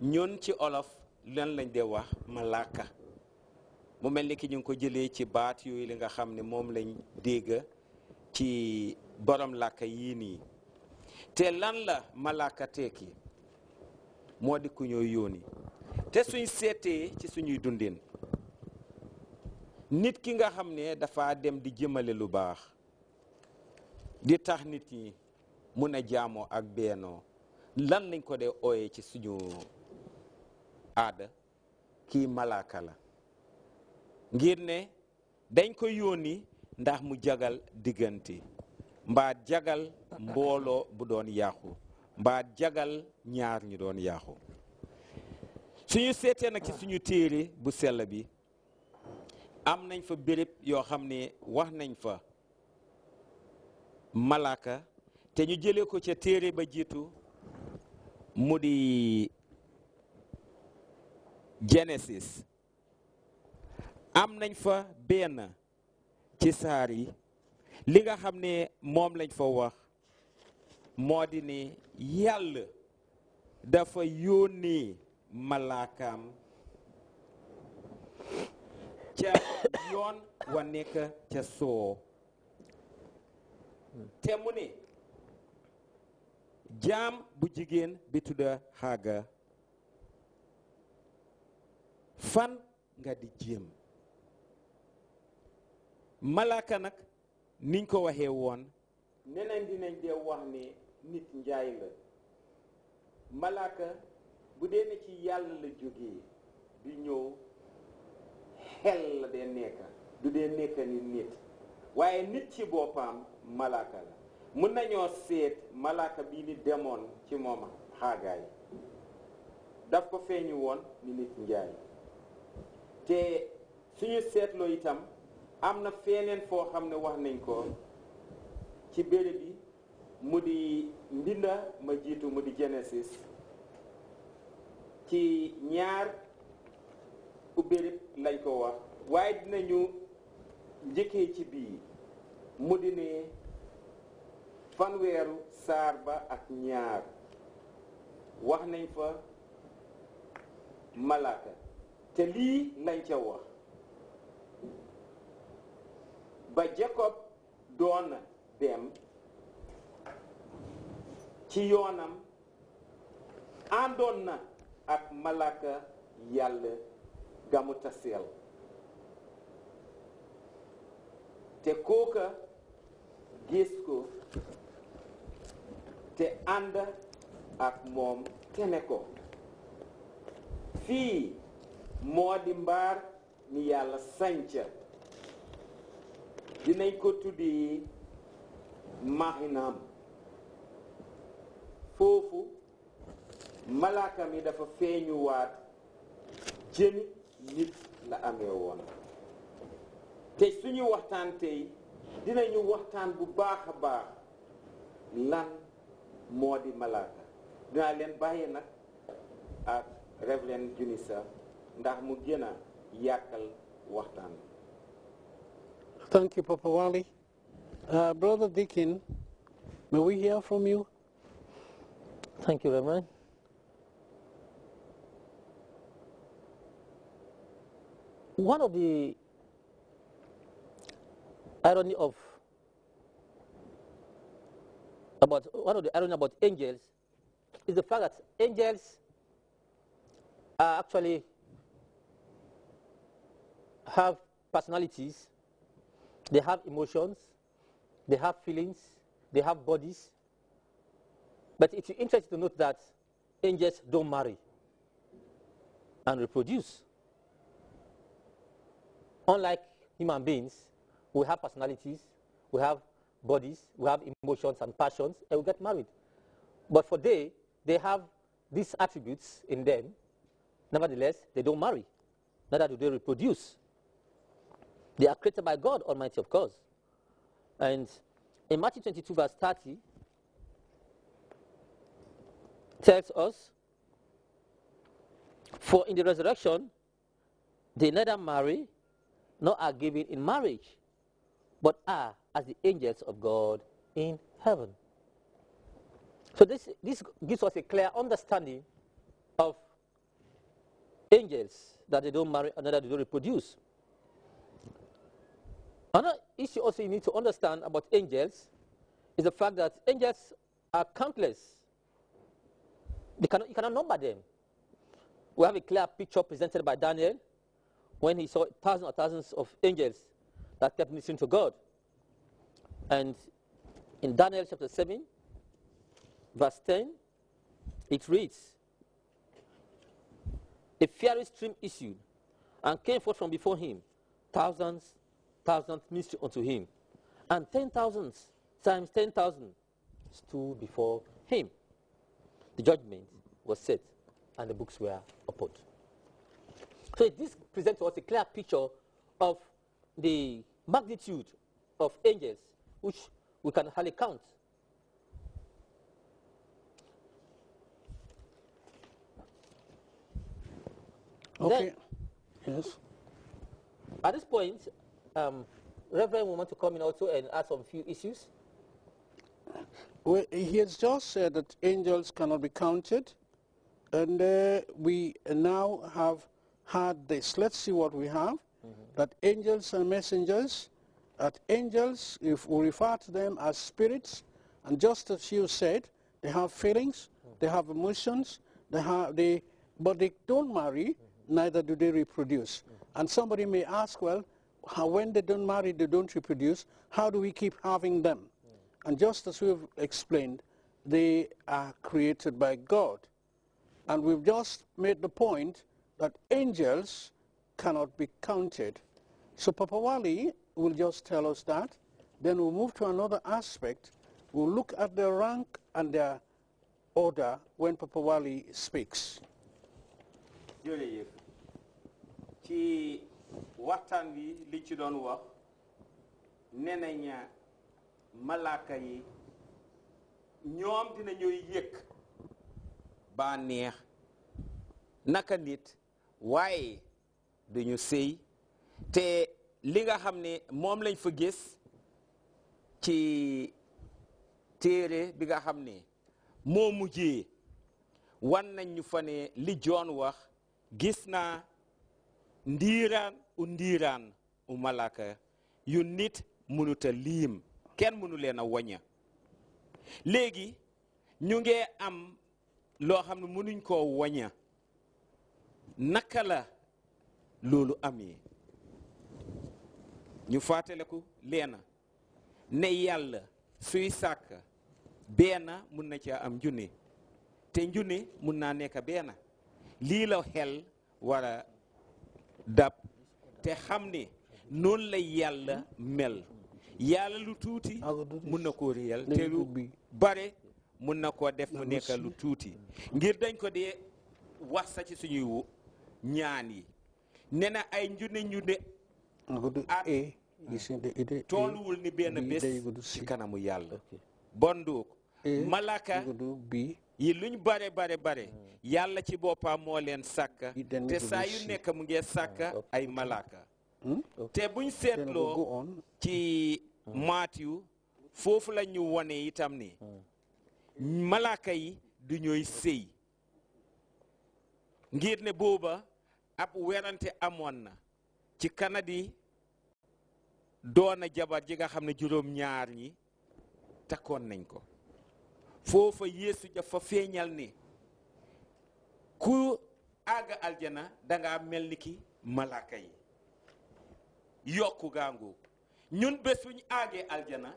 ñun ci olof lan lañ de wax malaka mu mel ni ki ñu ngi ko jëlee ci baat yooyu li nga xam ne moom lañ dégg ci borom laka yii nii te lan la malaaka tekki moo di ku ñoy yóoni te suñ seetee ci suñuy dundin nit ki nga xam ne dafa dem di jëmale lu baax di tax nit ñi mun a jaamoo ak beenoo lan lañ ko dee ooyee ci suñu aada kii malaaka la ngir ne dañ ko yónni ndax mu jagal diggante mbaa jagal mbooloo bu doon yàqu mbaa jagal ñaar ñu doon yàqu suñu seetee nag ci suñu téere bu sell bi am nañ fa béréb yoo xam ne wax nañ fa malaaka te ñu jëlee ko ca téere ba jiitu mu di Genesis am nañ fa benn ci saar yi li nga xam ne moom lañ fa wax moo di ne yàlla dafa yónnee malaakaam ca yoon wa nekk ca soo te mu ne jaam bu jigéen bi tudda Xaaga fan nga di jéem malaaka nag niñ ko waxee woon neneen dinañ dee wax ne nit njaay la malaaka bu dee ne ci yàlla la jóge di ñëw xel la dee nekka du dee nekka nit waaye nit ci boppam malaaka la mun nañoo seet malaaka bii ni demoon ci moom xaagaay daf ko feeñu woon ni nit njaay te suñu seetloo itam am na feneen foo xam ne wax nañ ko ci béri bi mu di mbinda ma jiitu mu di Genesis ci ñaar ubbérib lañ ko wax waaye dinañu njëkkee ci bii mu di ne fanweeru saar ba ak ñaar wax nañ fa malaaka te lii nañ ca wax ba Jacob doon dem ci yoonam àndoon na ak malaka yàlla gamu taseel te kooka gis ko te ànd ak moom te ne ko fii moo di mbaar ni yàlla sanca dinañ ko tuddi maxinaam foofu malaaka yi dafa feeñuwaat jëmi nit la amee woon te suñu waxtaan tey dinañu waxtaan bu baaxa a baax lan moo di malaaka dinaa leen bàyyi nag ak Reverend Junisa ndax mu gën a waxtaan Thank you, Papa Wali. Uh, Brother Dikin, may we hear from you? Thank you, Reverend. One of the irony of about one of the irony about angels is the fact that angels are actually have personalities, they have emotions, they have feelings, they have bodies. But it's interesting to note that angels don't marry and reproduce. Unlike human beings, we have personalities, we have bodies, we have emotions and passions, and we get married. But for they, they have these attributes in them. Nevertheless, they don't marry, neither do they reproduce. They are created by God Almighty, of course. And in Matthew 22, verse 30, tells us, For in the resurrection, they neither marry nor are given in marriage, but are as the angels of God in heaven. So this, this gives us a clear understanding of angels that they don't marry and that they don't reproduce. Another issue also you need to understand about angels is the fact that angels are countless. Cannot, you cannot number them. We have a clear picture presented by Daniel when he saw thousands and thousands of angels that kept listening to God. And in Daniel chapter 7, verse 10, it reads, A fiery stream issued and came forth from before him, thousands thousand mystery unto him, and ten thousands times ten thousand stood before him. The judgment was set, and the books were opened. So this presents us a clear picture of the magnitude of angels, which we can hardly count. Okay. Then, yes. At this point, um, Reverend, we want to come in also and ask some few issues. Well, he has just said that angels cannot be counted, and uh, we now have had this. Let's see what we have. Mm -hmm. That angels and messengers, that angels, if we refer to them as spirits, and just as you said, they have feelings, mm -hmm. they have emotions, they have they, but they don't marry, mm -hmm. neither do they reproduce. Mm-hmm. And somebody may ask, well, how, when they don't marry, they don't reproduce, how do we keep having them? Mm. And just as we've explained, they are created by God. And we've just made the point that angels cannot be counted. So Papawali will just tell us that. Then we'll move to another aspect. We'll look at their rank and their order when Papawali speaks. waxtaan wi li ci doon wax nenaña malaaka yi ñoom dina ñooy yëg bànneex naka nit waaye duñu sey te li nga xam ne moom lañ fa gis ci téere bi nga xam ne moo mujjee wan nañ ñu fa ne li joon wax gis naa ndiiraan u ndiiraan u malaka yu nit mënuta liim kenn mënu leen a waña léegi ñu ngi am loo xam ne mënuñ koo waña naka la loolu amee ñu fàttaliku leena ne yàlla suy sàkk benn mun na caa am junni te junni mun naa nekk benn lii la xel war dab te xam ni noonu la yàlla mel yàlla lu tuuti mun na koo réyal te lu bare mun na koo def mu nekk lu tuuti ngir dañ ko dee wax sa ci suñuy ñaan yi nee na ay njunde njunde at e, e. tolluwul ni benn bés ci kanamu yàlla bonduuk e, malaka bi yi luñ bare bare bare mm. yàlla ci boppam moo leen sàkka te saa yu nekk mu ngi sàkka mm, ay malaaka mm, te buñ seetloo ci maat yu foofu la ñu wone itam ni malaaka yi du ñooy sëy ngir ne booba ab werante amoon na ci kanadi doona jabar ji nga xam ne juróom ñaar ñi takkoon nañ ko foofa yeesu dafa feeñal ni ku àgga aljana dangaa mel ni ki malaaka yi yokku gaangu ñun bés suñ àggee aljana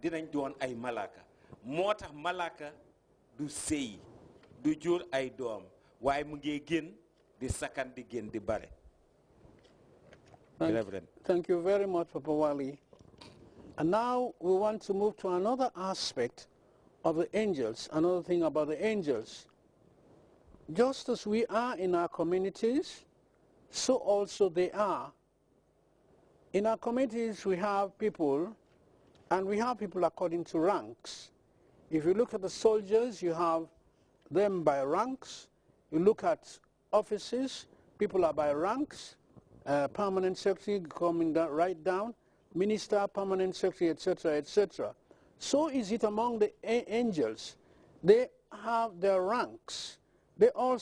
dinañ doon ay malaaka moo tax malaaka du sëy du jur ay doom waaye mu ngi génn di sakkan di génn di bare Thank you very much, Papa Wali. And now we want to move to another aspect of the angels, another thing about the angels. Just as we are in our communities, so also they are. In our communities, we have people, and we have people according to ranks. If you look at the soldiers, you have them by ranks. You look at offices, people are by ranks. Uh, permanent secretary coming right down, minister, permanent secretary, etc., etc. So is it among the angels. They have their ranks. They all